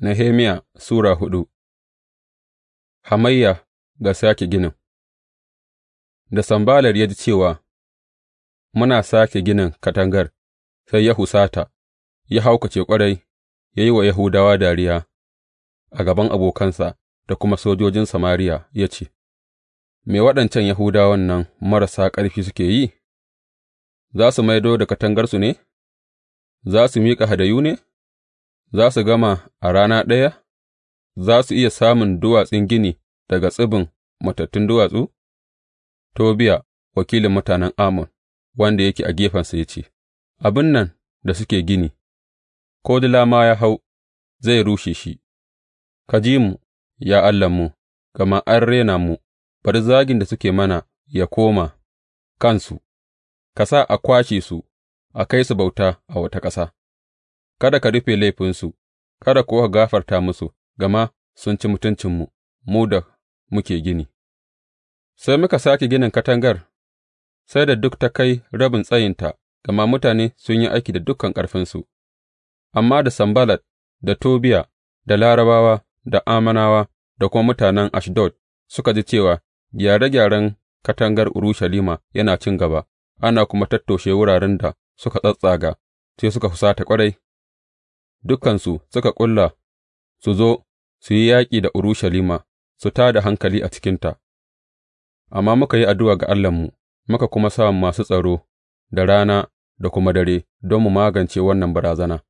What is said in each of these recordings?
Nehemiya Sura hudu Hamayya ga sake ginin Da Sambalar ya ji cewa muna sake ginin katangar, sai ya husata, ya haukace ƙwarai, ya yi wa Yahudawa dariya a gaban abokansa da kuma sojojin Samariya ya ce, Me waɗancan Yahudawan nan marasa ƙarfi suke yi? Za su maido da katangarsu ne? Za su miƙa hadayu ne? za su gama a rana ɗaya? Za su iya samun duwatsun gini daga tsibin matattun duwatsu? Tobiya, wakilin mutanen Ammon, wanda yake a gefensa ya ce, Abin nan da suke gini, ko dila ma ya hau, zai rushe shi, ka ji mu, ya Allahnmu, gama an rena mu, bari zagin da suke mana ya koma kansu, ka sa a kwashe su, a kai su bauta a wata ƙasa. Kada ka rufe laifinsu, kada kuwa ka gafarta musu, gama sun ci mutuncinmu, mu da muke gini. Sai muka sāke ginin katangar, sai da duk ta kai rabin tsayinta, gama mutane sun yi aiki da dukan ƙarfinsu, amma da Sambalat, da Tobiya, da Larabawa, da Amanawa, da kuma mutanen Ashdod suka ji cewa gyare-gyaren katangar Urushalima yana cin gaba, ana kuma tattoshe wuraren da suka tsattsaga, sai suka husata ƙwarai. dukansu suka ƙulla su zo su yi yaƙi da Urushalima su tā da hankali a cikinta, amma muka yi addu'a ga Allahnmu, muka kuma sa masu tsaro da rana da kuma dare don mu magance wannan barazana.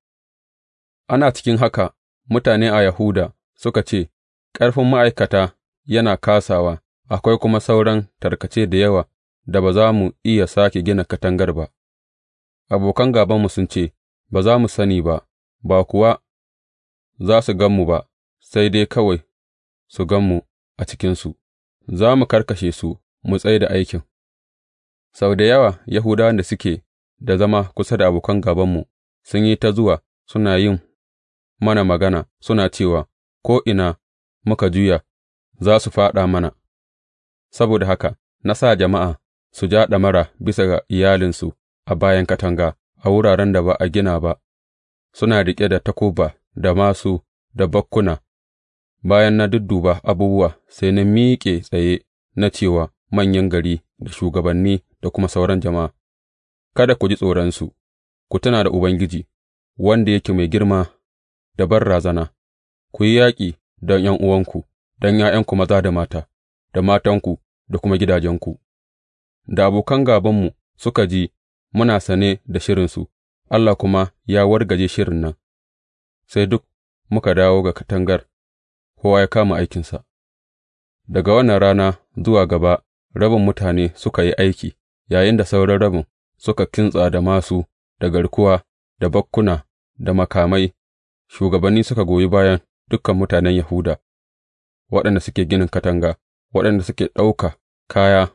Ana cikin haka mutane a Yahuda suka ce, Ƙarfin ma'aikata yana kasawa, akwai kuma sauran tarkace da yawa da ba za mu iya sake gina katangar ba. Abokan gābanmu sun ce, Ba za mu sani ba, ba kuwa za su gan mu ba, sai dai kawai su gan mu a cikinsu, za mu karkashe su mu tsai da aikin. Sau da yawa Yahudawan da suke da zama kusa da abokan gabanmu sun yi ta zuwa suna yin mana magana suna cewa, ko ina muka juya za su fāɗa mana, saboda haka na sa jama'a su ja ɗamara bisa ga iyalinsu a bayan katanga a wuraren da ba a gina ba suna riƙe da takuba da masu da bakkuna, bayan na dudduba abubuwa, sai na miƙe tsaye na cewa manyan gari da shugabanni da kuma sauran jama'a, Kada ku ji tsoronsu, ku tuna da Ubangiji, wanda yake mai girma da razana. ku yi yaƙi don ’yan'uwanku, don ’ya'yanku maza da mata, da matanku da kuma gidajenku. Da abokan gābanmu suka ji muna sane da shirinsu, Allah kuma ya wargaje shirin nan, sai duk muka dawo ga katangar, kowa ya kama aikinsa. Daga wannan rana zuwa gaba, rabin mutane suka yi aiki, yayin da sauran rabin suka kintsa da masu, da garkuwa, da bakkuna, da makamai, shugabanni suka goyi bayan dukan mutanen Yahuda, waɗanda suke ginin katanga, waɗanda suke ɗauka kaya,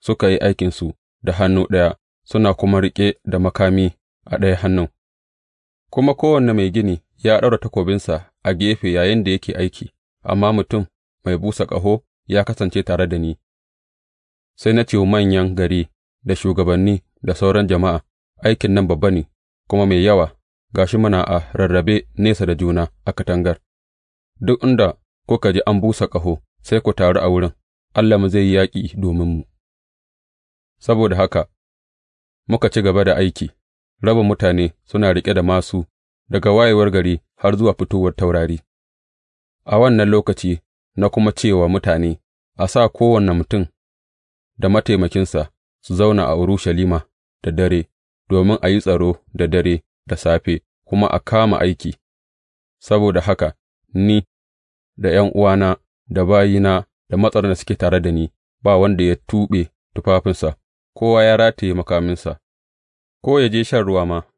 suka yi aikinsu da hannu ɗaya, suna kuma riƙe da makami a ɗaya hannun, kuma kowane mai gini ya ɗaura takobinsa a gefe yayinda yake aiki, amma mutum mai busa ƙaho ya kasance tare da ni, sai na ce wa manyan gari da shugabanni da sauran jama'a, aikin nan babba ne, kuma mai yawa, ga shi muna a rarrabe nesa da juna a katangar, duk inda kuka ji an busa ƙaho, sai ku taru a wurin, mu zai yi yaƙi dominmu. Saboda haka, muka ci gaba da aiki. rabin mutane suna riƙe da masu daga wayewar gari har zuwa fitowar taurari. A wannan lokaci na kuma ce wa mutane, A sa kowane mutum da mataimakinsa su zauna a Urushalima da dare, domin a yi tsaro da dare da safe kuma a kama aiki, saboda haka ni da ’yan uwana da bayina da matsaran da suke tare da ni, ba wanda ya tuɓe tufafinsa, kowa ya rataye makaminsa. ko ya je shan ruwa ma.